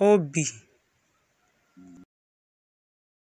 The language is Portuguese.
ob